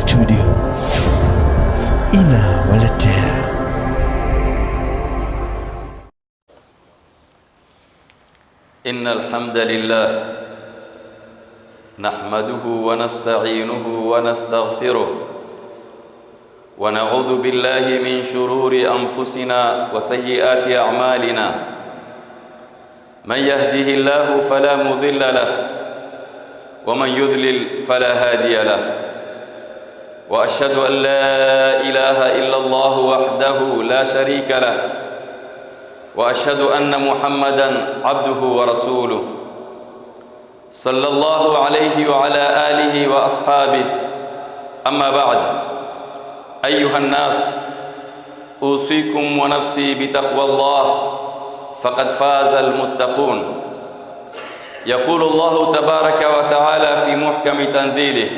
استوديو إلى ولدتها إن الحمد لله نحمده ونستعينه ونستغفره ونعوذ بالله من شرور أنفسنا وسيئات أعمالنا من يهده الله فلا مضل له ومن يذلل فلا هادي له واشهد ان لا اله الا الله وحده لا شريك له واشهد ان محمدا عبده ورسوله صلى الله عليه وعلى اله واصحابه اما بعد ايها الناس اوصيكم ونفسي بتقوى الله فقد فاز المتقون يقول الله تبارك وتعالى في محكم تنزيله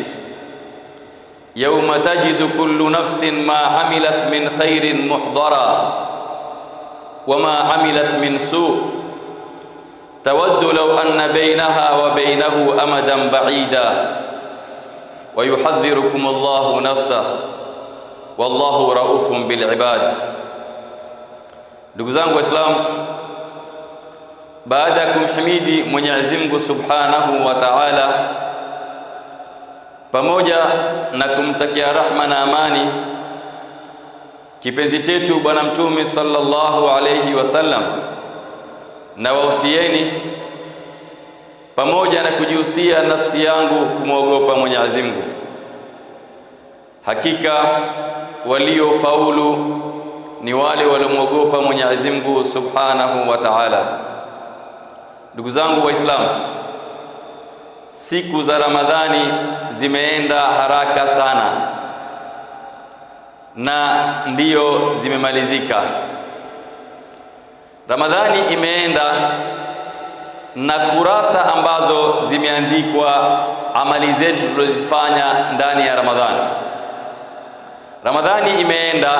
يوم تجد كل نفس ما عملت من خير محضرا وما عملت من سوء تود لو أن بينها وبينه أمدا بعيدا ويحذركم الله نفسه والله رؤوف بالعباد ndugu واسلام بعدكم حميدي ya سبحانه وتعالى pamoja na kumtakia rahma na amani kipenzi chetu Bwana Mtume sallallahu alayhi wasallam, na wahusieni pamoja na kujihusia nafsi yangu kumwogopa Mwenyezi Mungu. Hakika waliofaulu ni wale waliomwogopa Mwenyezi Mungu subhanahu wa ta'ala. Ndugu zangu Waislamu, Siku za Ramadhani zimeenda haraka sana na ndiyo zimemalizika. Ramadhani imeenda na kurasa ambazo zimeandikwa amali zetu tulizofanya ndani ya Ramadhani. Ramadhani imeenda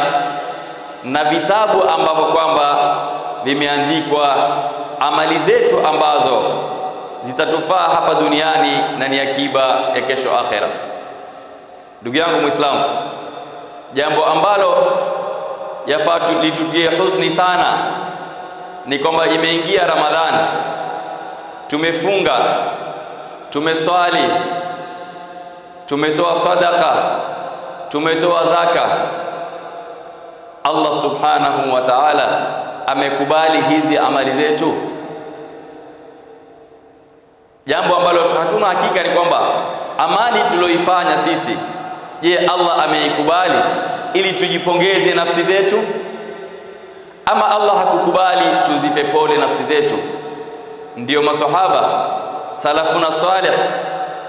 na vitabu ambavyo kwamba vimeandikwa amali zetu ambazo zitatufaa hapa duniani na ni akiba ya kesho akhera. Ndugu yangu Muislamu, jambo ambalo yafaa litutie huzuni sana ni kwamba imeingia Ramadhani, tumefunga, tumeswali, tumetoa sadaka, tumetoa zaka. Allah subhanahu wa ta'ala amekubali hizi amali zetu Jambo ambalo hatuna hakika ni kwamba amali tuliyoifanya sisi, je, Allah ameikubali ili tujipongeze nafsi zetu, ama Allah hakukubali tuzipe pole nafsi zetu? Ndiyo maswahaba salafuna salih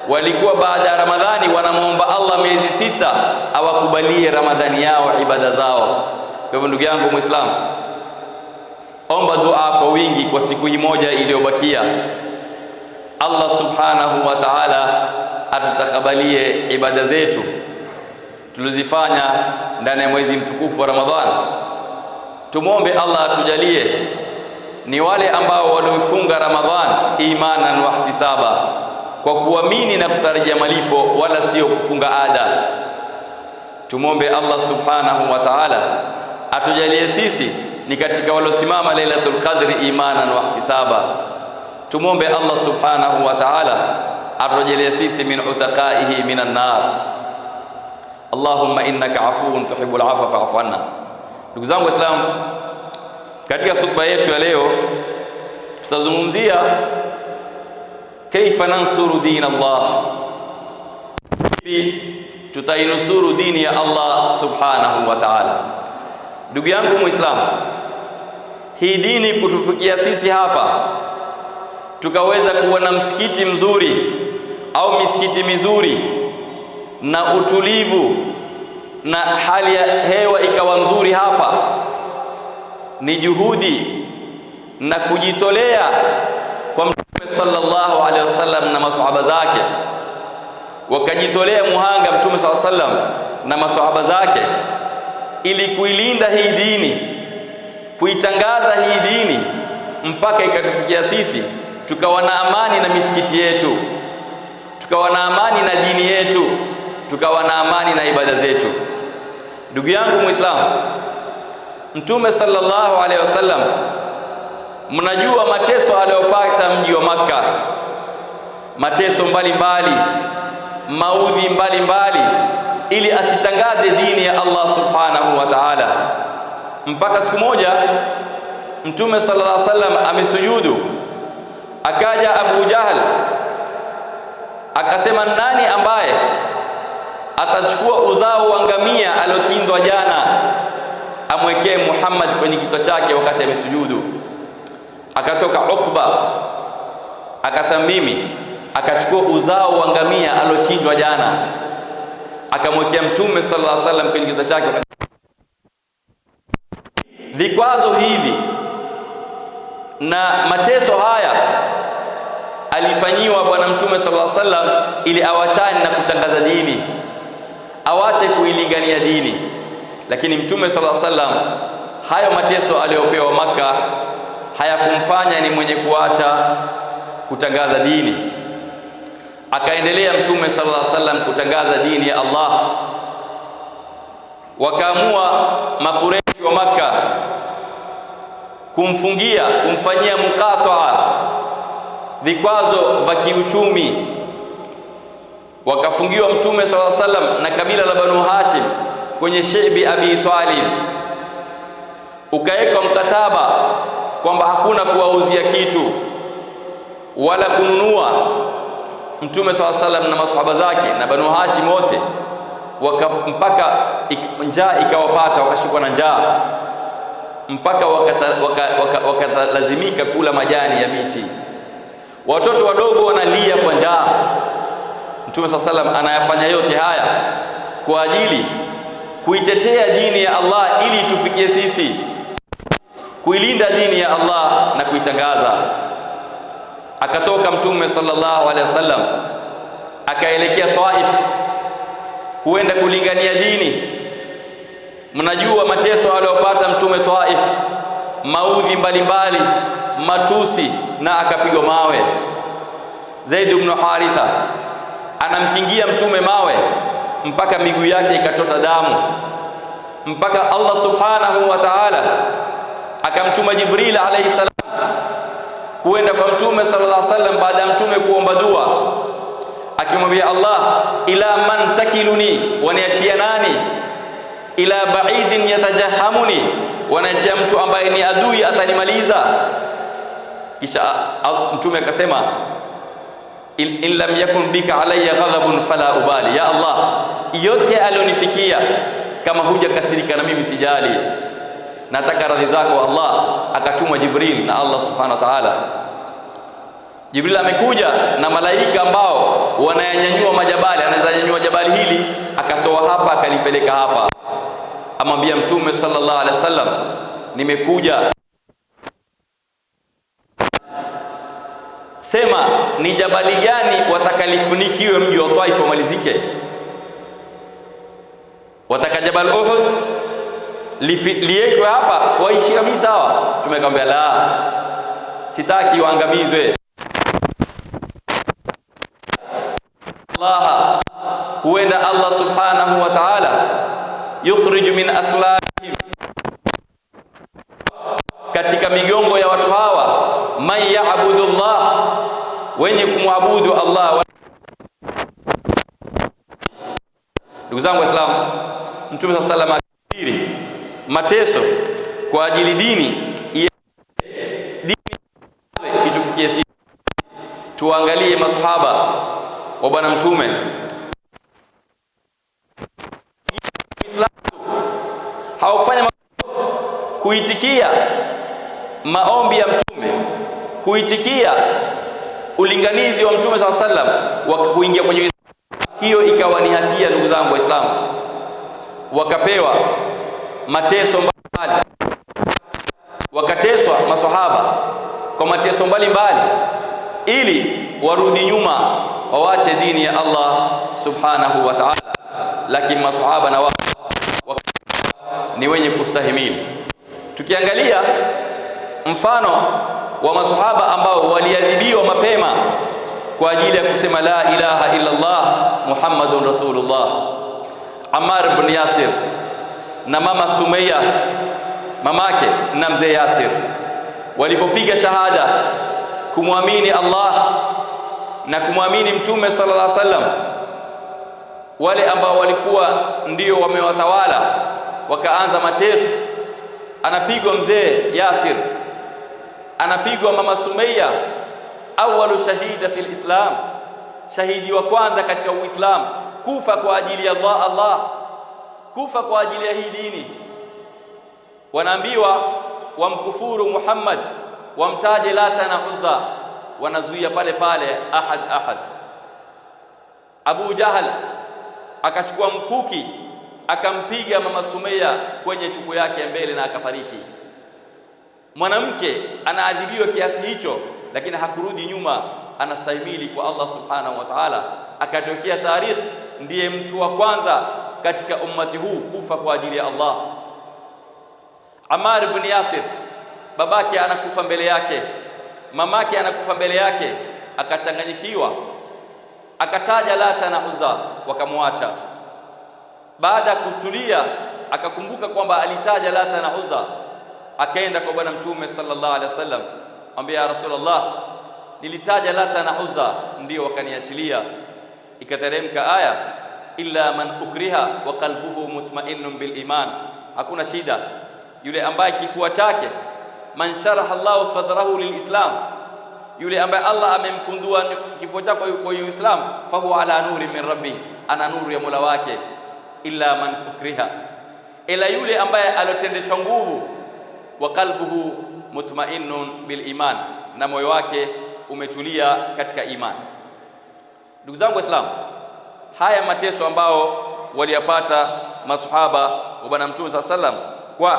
walikuwa baada ya Ramadhani wanamwomba Allah miezi sita awakubalie Ramadhani yao ibada zao. Kwa hivyo ndugu yangu Muislamu, omba dua kwa wingi kwa siku hii moja iliyobakia. Allah subhanahu wa ta'ala atutakabalie ibada zetu tulizifanya ndani ya mwezi mtukufu wa Ramadhani. Tumwombe Allah atujalie ni wale ambao waliofunga Ramadhani imanan wa ihtisaba, kwa kuamini na kutarajia malipo, wala sio kufunga ada. Tumwombe Allah subhanahu wa ta'ala atujalie sisi ni katika waliosimama Lailatul Qadri imanan wa ihtisaba. Tumwombe Allah subhanahu wa ta'ala aturejelee sisi min utakaihi min nar. Allahumma innaka afuun tuhibbul afwa fa'fu anna. Ndugu zangu Waislamu, katika khutba yetu ya leo tutazungumzia kaifa nansuru din Allah, vipi tutainusuru dini ya Allah subhanahu wa ta'ala. Ndugu yangu Muislamu, hii dini kutufikia sisi hapa tukaweza kuwa na msikiti mzuri au misikiti mizuri na utulivu na hali ya hewa ikawa nzuri hapa, ni juhudi na kujitolea kwa Mtume sallallahu alaihi wasallam na maswahaba zake, wakajitolea muhanga Mtume sallallahu alaihi wasallam na maswahaba zake, ili kuilinda hii dini, kuitangaza hii dini mpaka ikatufikia sisi tukawa na amani na misikiti yetu, tukawa na amani na dini yetu, tukawa na amani na ibada zetu. Ndugu yangu Muislamu, Mtume sallallahu alaihi wasallam, mnajua mateso aliyopata mji wa Makka, mateso mbalimbali, maudhi mbalimbali, ili asitangaze dini ya Allah subhanahu wa ta'ala, mpaka siku moja Mtume sallallahu alaihi wasallam amesujudu akaja Abu Jahl akasema, nani ambaye atachukua uzao wa ngamia aliotindwa jana amwekee Muhammad kwenye kichwa chake wakati amesujudu? Akatoka Ukba akasema, mimi. Akachukua uzao wa ngamia aliochinjwa jana akamwekea Mtume sallallahu alaihi wasallam kwenye kichwa chake. Vikwazo hivi na mateso haya alifanyiwa Bwana Mtume sallallahu alaihi wasallam ili awachane na kutangaza dini, awache kuilingania dini. Lakini Mtume sallallahu alaihi wasallam hayo mateso aliyopewa Maka hayakumfanya ni mwenye kuacha kutangaza dini. Akaendelea Mtume sallallahu alaihi wasallam kutangaza dini ya Allah. Wakaamua makureshi wa Makka kumfungia kumfanyia mukataa vikwazo vya kiuchumi, wakafungiwa Mtume sala salam na kabila la Banu Hashim kwenye shebi Abi Talib, ukawekwa mkataba kwamba hakuna kuwauzia kitu wala kununua. Mtume sala salam na masahaba zake na Banu Hashim wote waka mpaka ik, njaa ikawapata, wakashikwa na njaa mpaka wakatalazimika waka, waka kula majani ya miti watoto wadogo wanalia kwa njaa. Mtume saa salam anayafanya yote haya kwa ajili kuitetea dini ya Allah ili tufikie sisi, kuilinda dini ya Allah na kuitangaza. Akatoka Mtume sallallahu alaihi wasallam akaelekea Taif kuenda kulingania dini. Mnajua mateso aliyopata Mtume Taif, maudhi mbalimbali, matusi na akapigwa mawe. Zaid ibn Haritha anamkingia mtume mawe mpaka miguu yake ikachota damu, mpaka Allah subhanahu wa ta'ala akamtuma Jibril alayhi salam kuenda kwa mtume sallallahu alayhi wasallam, baada ya mtume kuomba dua akimwambia Allah, ila man takiluni, waniachia nani? Ila baidin yatajahamuni, waniachia mtu ambaye ni adui atanimaliza kisha mtume akasema, in, in lam yakun bika alayya ghadhabun fala ubali, ya Allah, yote alionifikia kama hujakasirika na mimi sijali, nataka radhi zako Allah. Akatumwa Jibril na Allah subhanahu wa ta'ala. Jibril amekuja na malaika ambao wanayanyanyua majabali, anaweza nyanyua jabali hili akatoa hapa akalipeleka hapa, amwambia mtume sallallahu alaihi wasallam, nimekuja Sema ni jabali gani watakalifunikiwe mji wa Taif wamalizike? Wataka jabal Uhud liekwe hapa waishi kabisa hawa? Tumekwambia la, sitaki waangamizwe. Allah, huenda Allah subhanahu wa ta'ala yukhriju min aslabihim, katika migongo ya watu hawa man ya'budu Allah, wenye kumwabudu Allah. Ndugu zangu Waislamu, Mtume swalla Allahu alayhi wasallam mateso kwa ajili dini dini itufikie sisi. Tuangalie maswahaba wa Bwana Mtume hawakufanya kuitikia maombi ya Mtume kuitikia ulinganizi wa Mtume saa sallam wa kuingia kwenye hiyo ikawa ni hatia, ndugu zangu Waislamu, wakapewa mateso mbalimbali, wakateswa maswahaba kwa mateso mbalimbali ili warudi nyuma wawache dini ya Allah subhanahu wa ta'ala, lakini maswahaba na wao ni wenye kustahimili. Tukiangalia mfano wa masahaba ambao waliadhibiwa mapema kwa ajili ya kusema la ilaha illa Allah Muhammadun Rasulullah. Ammar ibn Yasir na mama Sumeya mamake na mzee Yasir walipopiga shahada kumwamini Allah na kumwamini Mtume sallallahu alaihi wasallam, wale ambao walikuwa ndio wamewatawala wakaanza mateso, anapigwa mzee Yasir anapigwa Mama Sumeya, awwalu shahida fil Islam, shahidi wa kwanza katika Uislamu, kufa kwa ajili ya Allah, Allah kufa kwa ajili ya hii dini. Wanaambiwa wamkufuru Muhammad, wamtaje Lata na Uzza, wanazuia pale pale, ahad ahad. Abu Jahal akachukua mkuki akampiga Mama sumeya kwenye chuku yake mbele na akafariki mwanamke anaadhibiwa kiasi hicho, lakini hakurudi nyuma, anastahimili kwa Allah subhanahu wa ta'ala. Akatokea tarikh ndiye mtu wa kwanza katika ummati huu kufa kwa ajili ya Allah. amar ibn Yasir, babake anakufa mbele yake, mamake anakufa mbele yake, akachanganyikiwa, akataja Lata na Uzza, wakamwacha. Baada ya kutulia, akakumbuka kwamba alitaja Lata na Uzza akaenda kwa bwana mtume sallallahu alaihi wasallam, ambaye ya Rasulullah, nilitaja Lata na Uzza ndio wakaniachilia. Ikateremka aya illa man ukriha wa qalbuhu mutma'innun bil iman, hakuna shida yule ambaye kifua chake man sharaha Allahu sadrahu lilislam, yule ambaye Allah amemkundua kifua chake kwa Uislamu, fahuwa ala nuri min rabbi, ana nuru ya mola wake. Illa man ukriha, ila yule ambaye alotendeshwa nguvu wa qalbuhu mutmainnun bil iman, na moyo wake umetulia katika imani. Ndugu zangu Waislamu, haya mateso ambao waliyapata masahaba wa Bwana Mtume saa sallam kwa,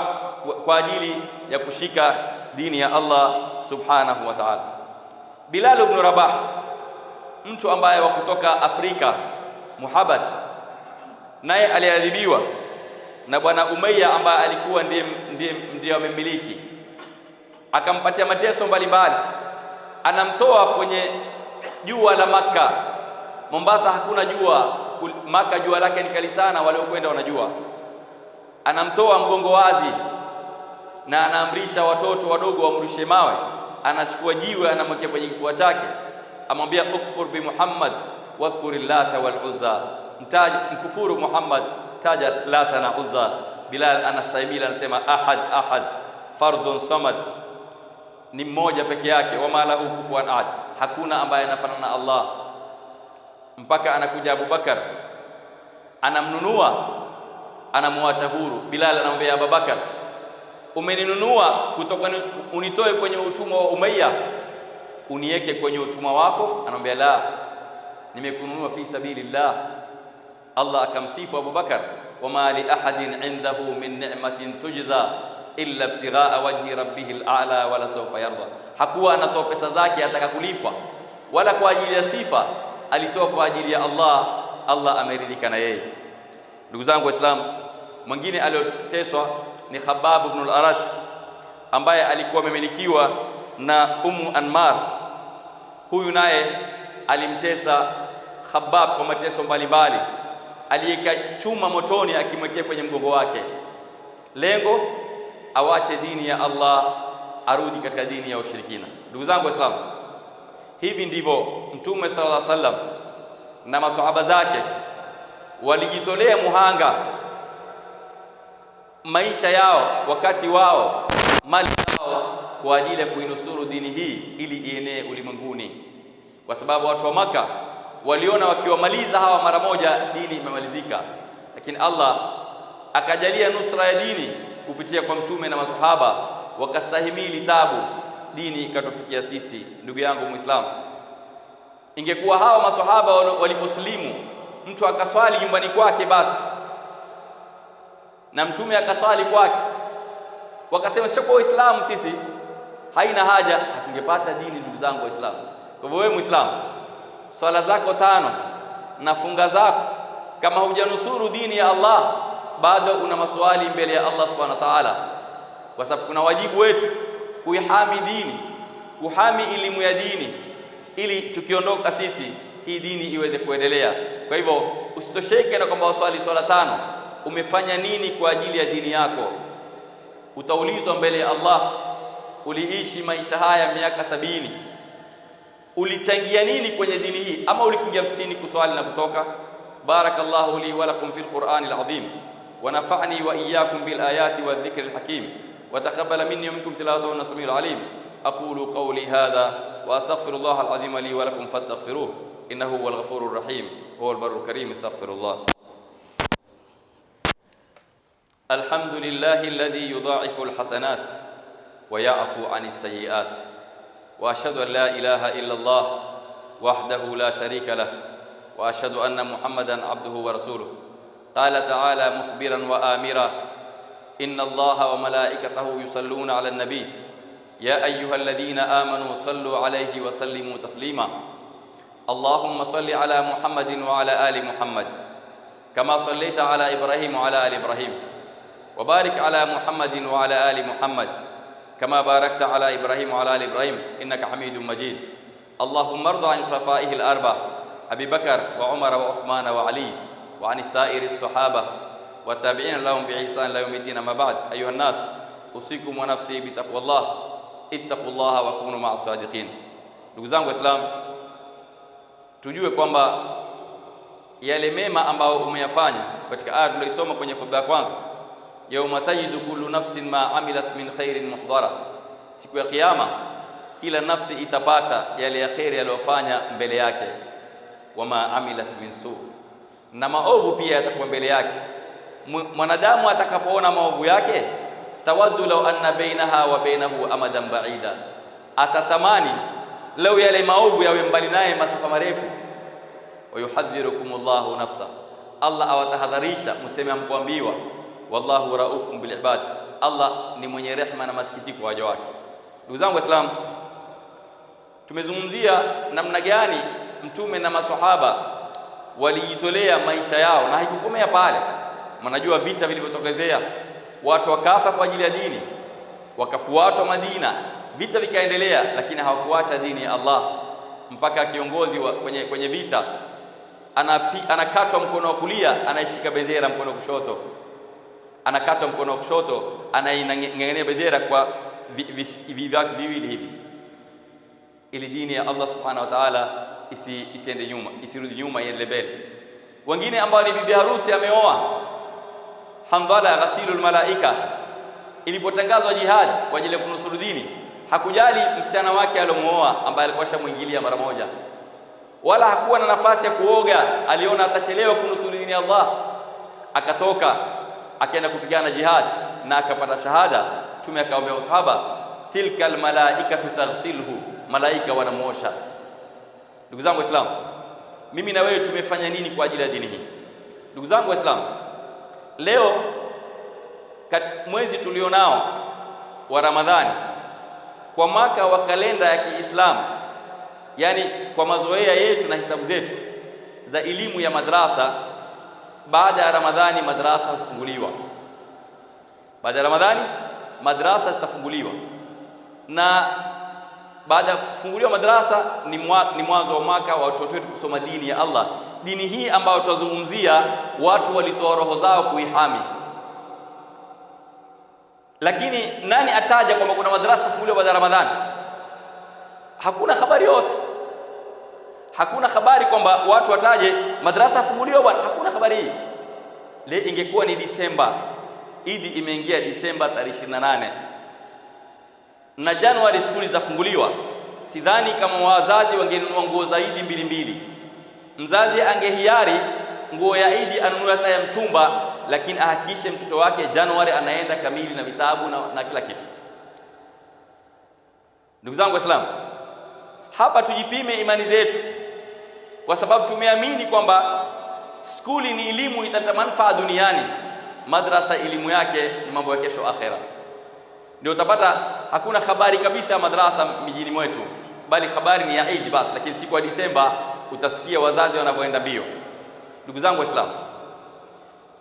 kwa ajili ya kushika dini ya Allah subhanahu wa ta'ala. Bilal ibn Rabah mtu ambaye wa kutoka Afrika Muhabash, naye aliadhibiwa na bwana Umayya ambaye alikuwa ndiye ndiye ndiye amemiliki, akampatia mateso mbalimbali, anamtoa kwenye jua la Makka. Mombasa hakuna jua, Makka jua lake ni kali sana, waliokwenda wanajua. Anamtoa mgongo wazi, na anaamrisha watoto wadogo wamrushe mawe. Anachukua jiwe anamwekea kwenye kifua chake, amwambia ukfur bi Muhammad wadhkur Lata wal Uzza, mtaji mkufuru Muhammad taja Lata na Uzza. Bilal anastahimili, anasema ahad ahad, fardhun samad, ni mmoja peke yake. Wama lahu kufuwan ahad, hakuna ambaye anafanana Allah. Mpaka anakuja Abubakar anamnunua anamwacha huru. Bilal anamwambia Abubakar, umeninunua kutoka unitoe kwenye utumwa wa Umayya uniweke kwenye utumwa wako. Anamwambia la, nimekununua fi sabilillah Allah akamsifu Abubakar, wama li ahadin indahu min ni'matin tujza illa ibtighaa wajhi rabbihi al-a'la wala sawfa yarda. Hakuwa anatoa pesa zake ataka kulipwa wala kwa ajili ya sifa, alitoa kwa ajili ya Allah, Allah ameridhika na yeye. Ndugu zangu Waislamu, mwingine aliyoteswa ni Khabbab ibn al-Arat ambaye alikuwa amemilikiwa na Ummu Anmar. Huyu naye alimtesa khabab kwa mateso mbalimbali aliyekachuma motoni akimwekea kwenye mgongo wake. Lengo awache dini ya Allah, arudi katika dini ya ushirikina. Ndugu zangu Waislamu, hivi ndivyo Mtume sallallahu alaihi wasallam na maswahaba zake walijitolea muhanga maisha yao, wakati wao, mali yao, kwa ajili ya kuinusuru dini hii ili ienee ulimwenguni, kwa sababu watu wa Maka waliona wakiwamaliza hawa mara moja dini imemalizika, lakini Allah akajalia nusra ya dini kupitia kwa mtume na masahaba, wakastahimili tabu, dini ikatufikia sisi. Ndugu yangu Muislamu, ingekuwa hawa masahaba waliposlimu, mtu akaswali nyumbani kwake basi na mtume akaswali kwake, wakasema sio kwa Uislamu, sisi haina haja, hatungepata dini. Ndugu zangu Waislamu, kwa hivyo wewe Muislamu swala zako tano na funga zako, kama hujanusuru dini ya Allah bado una maswali mbele ya Allah subhanahu wa ta'ala, kwa sababu kuna wajibu wetu kuihami dini, kuhami elimu ya dini, ili tukiondoka sisi hii dini iweze kuendelea. Kwa hivyo usitosheke na kwamba waswali swala tano. Umefanya nini kwa ajili ya dini yako? Utaulizwa mbele ya Allah, uliishi maisha haya miaka sabini ulichangia nini kwenye dini hii ama ulikiingia msini kuswali na kutoka barakallahu li wa lakum fil qurani alazim wa nafa'ni wa iyyakum bil ayati wa dhikri alhakim wa taqabbal minni wa minkum tilawatahu an-nasmiul alim aqulu qawli hadha wa astaghfirullah alazim li wa lakum fastaghfiruh innahu huwal ghafurur rahim huwal barrul karim astaghfirullah alhamdulillahi alladhi yudha'ifu alhasanat wa ya'fu عن sayyi'at واشهد ان لا اله الا الله وحده لا شريك له واشهد ان محمدا عبده ورسوله قال تعالى مخبرا وامرا ان الله وملائكته يصلون على النبي يا ايها الذين امنوا صلوا عليه وسلموا تسليما اللهم صل على محمد وعلى ال محمد كما صليت على ابراهيم وعلى ال ابراهيم وبارك على محمد وعلى ال محمد كما باركت على إبراهيم وعلى آل إبراهيم إنك حميد مجيد اللهم ارض عن خلفائه الأربعة أبي بكر وعمر وعثمان وعلي وعن السائر الصحابة والتابعين لهم بإحسان لا يوم الدين ما بعد أيها الناس أوصيكم ونفسي بتقوى الله اتقوا الله وكونوا مع الصادقين ndugu وإسلام waislamu tujue kwamba yale mema ambayo umeyafanya katika aya tuliosoma kwenye khutba ya kwanza yauma tajidu kullu nafsin ma amilat min khairin muhdhara, siku ya Kiyama kila nafsi itapata yale ya kheri aliyofanya mbele yake. Wama amilat min su na maovu pia yatakuwa mbele yake. Mwanadamu atakapoona maovu yake, tawaddu law anna bainaha wa bainahu amadan baida, atatamani lau yale maovu yawe mbali naye masafa marefu. Wayuhadhirukum llahu nafsa, Allah awatahadharisha mseme amkuambiwa wallahu raufun bil ibad, Allah ni mwenye rehma na masikitiko waja wake. Ndugu zangu Waislamu, tumezungumzia namna gani mtume na maswahaba walijitolea maisha yao, na haikukomea pale. Mnajua vita vilivyotokezea, watu wakafa kwa ajili ya dini, wakafuatwa Madina, vita vikaendelea, lakini hawakuacha dini ya Allah mpaka kiongozi wa kwenye, kwenye vita anakatwa mkono wa kulia, anaishika bendera mkono wa kushoto anakata mkono wa kushoto, anaing'ang'ania bendera kwa viatu viwili hivi, ili dini ya Allah subhanahu wa ta'ala isi, isiende nyuma, isirudi nyuma, iende mbele. Wengine ambao ni bibi harusi ameoa, Handhala ghasilul malaika, ilipotangazwa jihad kwa ajili ya kunusuru dini, hakujali msichana wake aliomuoa ambaye alikuwa shamwingilia mara moja, wala hakuwa na nafasi ya kuoga. Aliona atachelewa kunusuru dini ya Allah, akatoka akaenda kupigana jihad na akapata shahada. Mtume akawaambia usahaba, tilka almalaikatu taghsilhu, malaika wanamuosha. Ndugu zangu Waislamu, mimi na wewe tumefanya nini kwa ajili ya dini hii? Ndugu zangu Waislamu, leo mwezi tulionao wa Ramadhani kwa mwaka wa kalenda ya Kiislamu, yani kwa mazoea yetu na hisabu zetu za elimu ya madrasa baada ya Ramadhani madrasa hufunguliwa. Baada ya Ramadhani madrasa zitafunguliwa, na baada ya kufunguliwa madrasa ni mwanzo wa mwaka wa watoto wetu kusoma dini ya Allah, dini hii ambayo tutazungumzia, watu walitoa roho zao kuihami. Lakini nani ataja kwamba kuna madrasa tafunguliwa baada ya Ramadhani? Hakuna habari yote Hakuna habari kwamba watu wataje madrasa afunguliwe bwana, hakuna habari hii. Le ingekuwa ni Disemba, Idi imeingia Disemba tarehe 28 na Januari skuli zafunguliwa, sidhani kama wazazi wangenunua nguo za Idi mbili mbili. Mzazi angehiari nguo ya Idi anunue hata ya mtumba, lakini ahakikishe mtoto wake Januari anaenda kamili na vitabu na, na kila kitu. Ndugu zangu Waislamu hapa tujipime imani zetu, kwa sababu tumeamini kwamba skuli ni elimu italeta manufaa duniani, madrasa elimu yake ni mambo ya kesho akhera. Ndio utapata hakuna habari kabisa ya madrasa mijini mwetu, bali habari ni ya Eid basi, lakini siku ya Disemba utasikia wazazi wanavyoenda mbio. Ndugu zangu Waislamu,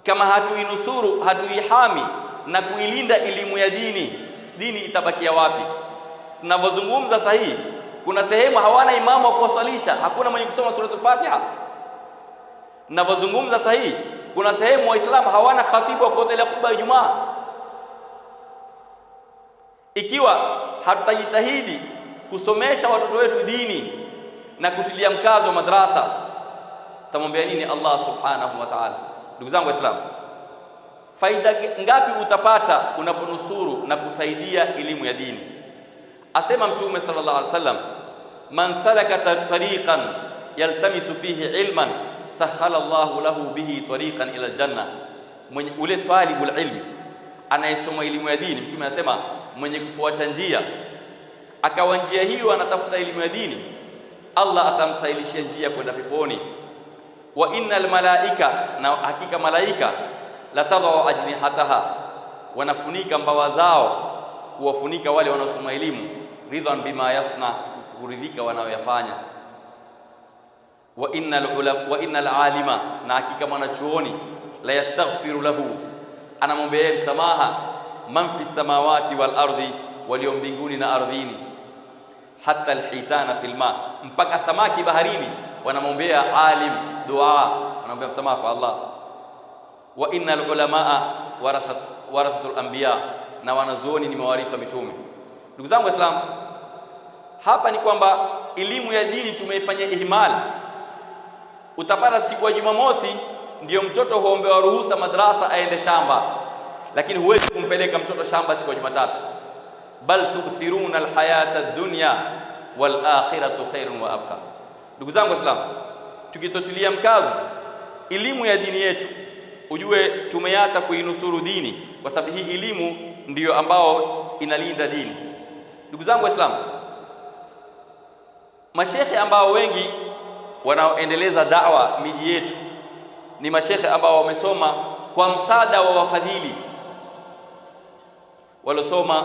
kama hatuinusuru hatuihami na kuilinda elimu ya dini, dini itabakia wapi? Tunavyozungumza sahihi kuna sehemu hawana imamu wa kuwaswalisha, hakuna mwenye kusoma suratul Fatiha. Ninavyozungumza sasa kuna sehemu Waislamu hawana khatibu wa kuhutubia khutba ya Ijumaa. Ikiwa hatutajitahidi kusomesha watoto wetu dini na kutilia mkazo wa madrasa, tamwambia nini Allah subhanahu wa ta'ala? Ndugu zangu Waislamu, faida ngapi utapata unaponusuru na kusaidia elimu ya dini? Asema Mtume sallallahu alaihi wasallam, man salaka tariqan yaltamisu fihi ilman sahala Allahu lahu bihi tariqan ila aljanna, mwenye ule talibu ilmi anayesoma elimu ya dini. Mtume anasema mwenye kufuata njia akawa njia hiyo anatafuta elimu ya dini, Allah atamsahilishia njia kwenda peponi. Wa innal malaika, na hakika malaika, latadau ajnihataha, wanafunika mbawa zao kuwafunika wale wanaosoma elimu, ridhan bima yasna, kuridhika wanayoyafanya. Wa innal alima, na hakika mwanachuoni, la yastaghfiru lahu, anamwombea yeye msamaha, man fi samawati wal ardi, walio mbinguni na ardhini, hata alhitana fil ma, mpaka samaki baharini wanamwombea alim dua, wanaombea msamaha kwa Allah. Wa innal ulamaa warathatul anbiya na wanazuoni ni mawarifa mitume. Ndugu zangu Waislamu, hapa ni kwamba elimu ya dini tumeifanyia ihmali Utapata siku ya Jumamosi ndiyo mtoto huombewa ruhusa madrasa aende shamba, lakini huwezi kumpeleka mtoto shamba siku ya Jumatatu. Bal tukthiruna alhayata dunya wal akhiratu khairun wa abqa. Ndugu zangu Waislamu, tukitotulia mkazo elimu ya dini yetu, ujue tumeata kuinusuru dini, kwa sababu hii elimu ndiyo ambao inalinda dini. Ndugu zangu Waislamu, mashekhe ambao wengi wanaoendeleza dawa miji yetu ni mashekhe ambao wamesoma kwa msaada wa wafadhili walosoma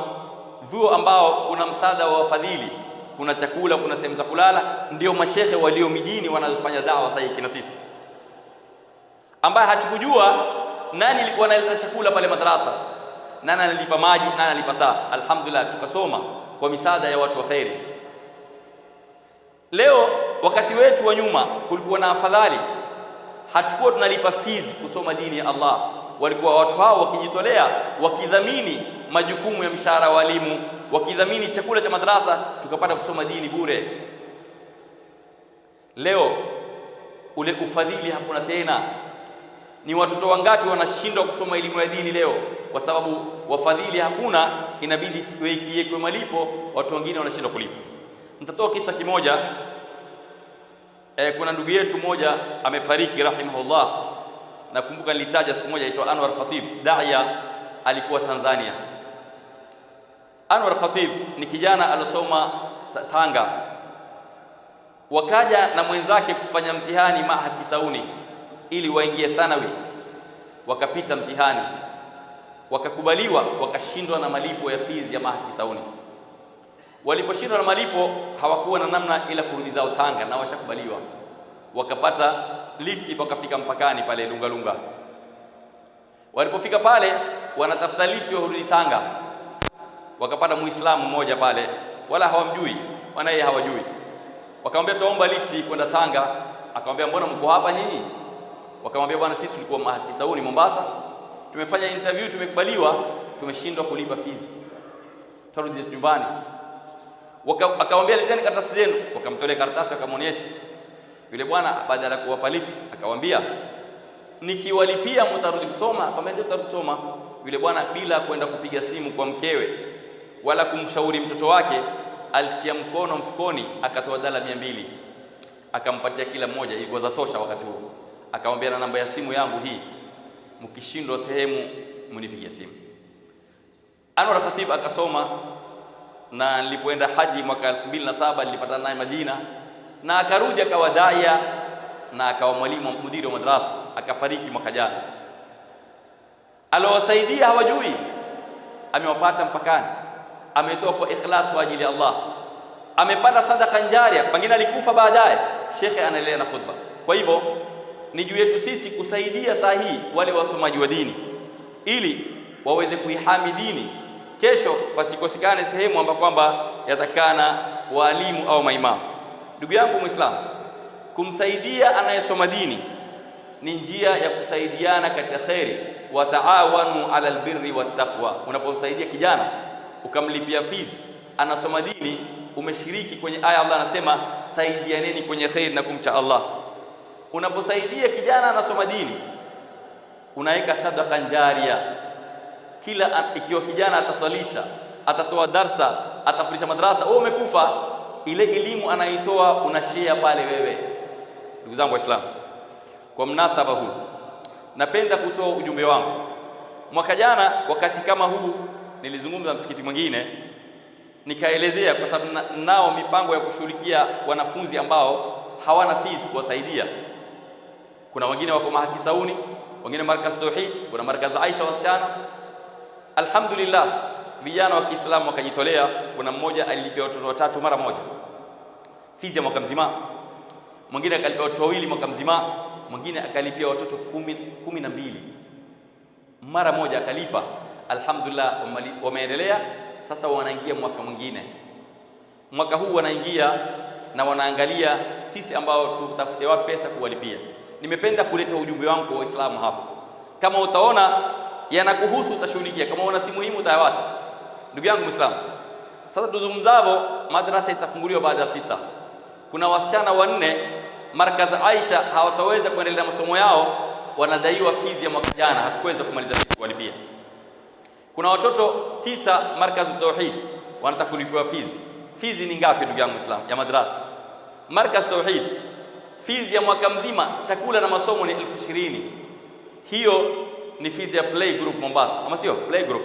vyuo, ambao kuna msaada wa wafadhili, kuna chakula, kuna sehemu za kulala. Ndio mashekhe walio mijini wanazofanya dawa sahihi, na sisi ambaye hatukujua nani alikuwa analeta chakula pale madarasa nani analipa maji, nani analipa taa. Alhamdulillah, tukasoma kwa misaada ya watu wa kheri. Leo wakati wetu wa nyuma kulikuwa na afadhali, hatukuwa tunalipa fees kusoma dini ya Allah. Walikuwa watu hao wakijitolea, wakidhamini majukumu ya mshahara wa walimu, wakidhamini chakula cha madarasa, tukapata kusoma dini bure. Leo ule ufadhili hakuna tena. Ni watoto wangapi wanashindwa kusoma elimu ya dini leo? Kwa sababu wafadhili hakuna, inabidi iwekwe malipo, watu wengine wanashindwa kulipa. Nitatoa kisa kimoja. E, kuna ndugu yetu mmoja amefariki rahimahullah. Nakumbuka nilitaja siku moja, aitwa Anwar Khatib, daia alikuwa Tanzania. Anwar Khatib ni kijana alosoma Tanga, wakaja na mwenzake kufanya mtihani Maha Kisauni ili waingie thanawi, wakapita mtihani, wakakubaliwa, wakashindwa na malipo ya fees ya mahaki Sauni. Waliposhindwa na malipo, hawakuwa na namna ila kurudi zao Tanga, na washakubaliwa, wakapata lifti, wakafika mpakani pale lunga lunga Walipofika pale, wanatafuta lifti warudi Tanga, wakapata Muislamu mmoja pale, wala hawamjui, wanaye hawajui, wakamwambia tuomba lifti kwenda Tanga. Akamwambia mbona mko hapa nyinyi? wakamwambia, bwana, sisi tulikuwa maafisa Mombasa, tumefanya interview, tumekubaliwa, tumeshindwa kulipa fees, tarudi nyumbani. Akamwambia, leteni karatasi zenu. Wakamtolea karatasi, wakamwonyesha yule bwana. Baada ya kuwapa lift, akawaambia, nikiwalipia mtarudi kusoma. Akamwambia, ndio tarudi kusoma. Yule bwana bila kwenda kupiga simu kwa mkewe wala kumshauri mtoto wake, alitia mkono mfukoni, akatoa dala mia mbili akampatia kila mmoja, ilikuwa za tosha wakati huo akamwambia na namba ya simu yangu hii, mkishindwa sehemu mnipigie simu. Anwar Khatib akasoma na nilipoenda haji mwaka 2007 nilipata naye Madina, na akarudi akawa daya na akawa mwalimu mudiri wa madrasa, akafariki mwaka jana. Alowasaidia hawajui, amewapata mpakani, ametoa kwa ikhlas kwa ajili ya Allah, amepata sadaka njaria, pengine alikufa baadaye, shekhe anaelea na khutba. Kwa hivyo ni juu yetu sisi kusaidia saa hii wale wasomaji wa dini ili waweze kuihami dini. Kesho pasikosekane sehemu ambapo kwamba yatakana waalimu au maimamu. Ndugu yangu Muislamu, kumsaidia anayesoma dini ni njia ya kusaidiana katika kheri, wataawanu ala albirri wattaqwa. Unapomsaidia kijana ukamlipia fees, anasoma dini, umeshiriki kwenye aya. Allah anasema saidianeni kwenye kheri na kumcha Allah. Unaposaidia kijana anasoma dini, unaweka sadaka njaria kila ikiwa kijana ataswalisha, atatoa darsa, atafundisha madrasa, wewe umekufa, ile elimu anaitoa unashea pale wewe. Ndugu zangu Waislamu, kwa mnasaba huu napenda kutoa ujumbe wangu. Mwaka jana wakati kama huu nilizungumza msikiti mwingine, nikaelezea kwa sababu nao mipango ya kushughulikia wanafunzi ambao hawana fees kuwasaidia kuna wengine wako sauni, wengine markaz tauhid, kuna markaz Aisha wasichana. Alhamdulillah, vijana wa Kiislamu wakajitolea. Kuna mmoja alilipewa watoto watatu mara moja, fizi ya mwaka mzima, mwingine akalipewa watoto wawili mwaka mzima, mwingine akalipia watoto kumi na mbili mara moja akalipa. Alhamdulillah, wameendelea sasa, wanaingia mwaka mwingine. Mwaka huu wanaingia na wanaangalia sisi ambao tutafute wapi pesa kuwalipia nimependa kuleta ujumbe wangu kwa Waislamu hapa. Kama utaona yanakuhusu utashughulikia, kama una si muhimu utayawacha. Ndugu yangu Muislamu, sasa tuzungumzavo, madrasa itafunguliwa baada ya sita. Kuna wasichana wanne Markaz Aisha hawataweza kuendelea na masomo yao, wanadaiwa fizi ya mwaka jana, hatukuweza kumaliza fizi kuwalipia. Kuna watoto tisa Markaz Tauhid wanataka kulipiwa fizi. Fizi ni ngapi ndugu yangu Muislamu ya madrasa Markaz Tauhid Fizi ya mwaka mzima chakula na masomo ni elfu ishirini. Hiyo ni fizi ya play group Mombasa, ama sio? Play group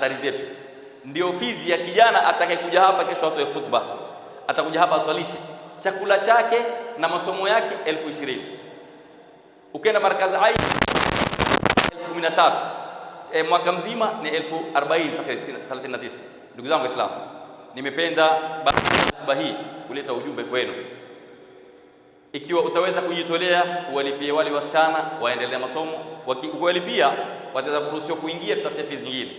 sari zetu ndio fizi ya kijana atakayekuja hapa kesho atoe khutba, atakuja hapa aswalishe, chakula chake na masomo yake elfu ishirini. Ukienda markazi ai elfu kumi na tatu e, mwaka mzima ni elfu arobaini thelathini na tisa. Ndugu zangu Waislamu, nimependa baada ya khutba hii kuleta ujumbe kwenu. Ikiwa utaweza kujitolea kuwalipia wale wasichana waendelea masomo, ukiwalipia wataweza kuruhusiwa kuingia, katika fizi zingine.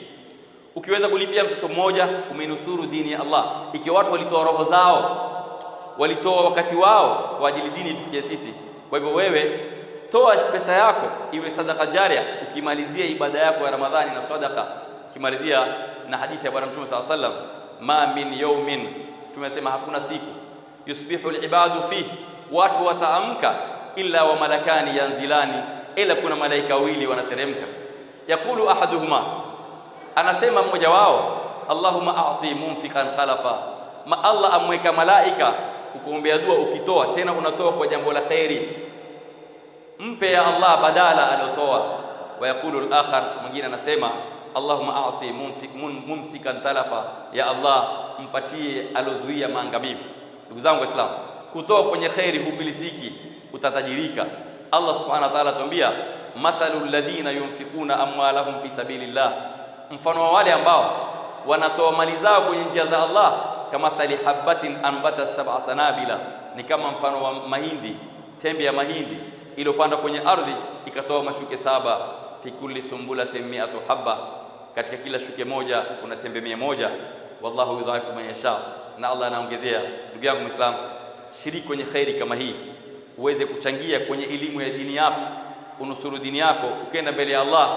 Ukiweza kulipia mtoto mmoja, umenusuru dini ya Allah. Ikiwa watu walitoa roho zao, walitoa wakati wao kwa ajili dini tufikie sisi, kwa hivyo wewe toa pesa yako iwe sadaka jaria, ukimalizia ibada yako ya Ramadhani na sadaka, ukimalizia na hadithi ya Bwana Mtume sallallahu alaihi wasallam, ma min yawmin, tumesema hakuna siku yusbihu alibadu fihi watu wataamka, illa wa malakani yanzilani, ila kuna malaika wawili wanateremka. Yaqulu ahaduhuma, anasema mmoja wao, Allahumma a'ti munfiqan khalafa, ma Allah amweka malaika kukuombea dua, ukitoa tena unatoa kwa jambo la khairi, mpe ya Allah badala aliotoa. Wa yaqulu al-akhar, mwingine anasema Allahumma a'ti mumsikan talafa, ya Allah, mpatie alozuia maangamivu. Ndugu zangu Waislamu, kutoka kwenye kheri hufilisiki, utatajirika. Allah subhanahu wa ta'ala atuambia, mathalu alladhina yunfikuna amwalahum fi sabilillah, mfano wa wale ambao wanatoa mali zao kwenye njia za Allah, kama thali habatin anbata sab'a sanabila, ni kama mfano wa mahindi, tembe ya mahindi iliyopandwa kwenye ardhi ikatoa mashuke saba. fi kulli sumbulatin mi'atu habba, katika kila shuke moja kuna tembe mia moja. Wallahu yudhaifu man yasha, na Allah anaongezea. Ndugu yangu Muislamu shiriki kwenye kheri kama hii, uweze kuchangia kwenye elimu ya dini yako, unusuru dini yako. Ukenda mbele ya Allah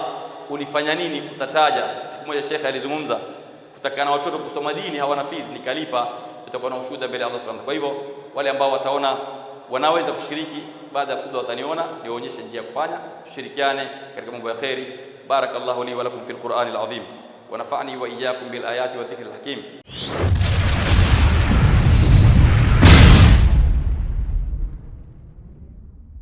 ulifanya nini? Utataja. Siku moja shekhe alizungumza kutakana watoto kusoma dini, hawana fees, nikalipa, utakuwa na ushuhuda mbele ya Allah subhanahu. Kwa hivyo wale ambao wataona wanaweza kushiriki baada ya khutba, wataniona niwaonyeshe njia ya kufanya. Tushirikiane katika mambo ya kheri. Barakallahu li wa lakum fil Qur'anil azim wa nafa'ani wa iyyakum bil ayati wa dhikril hakim.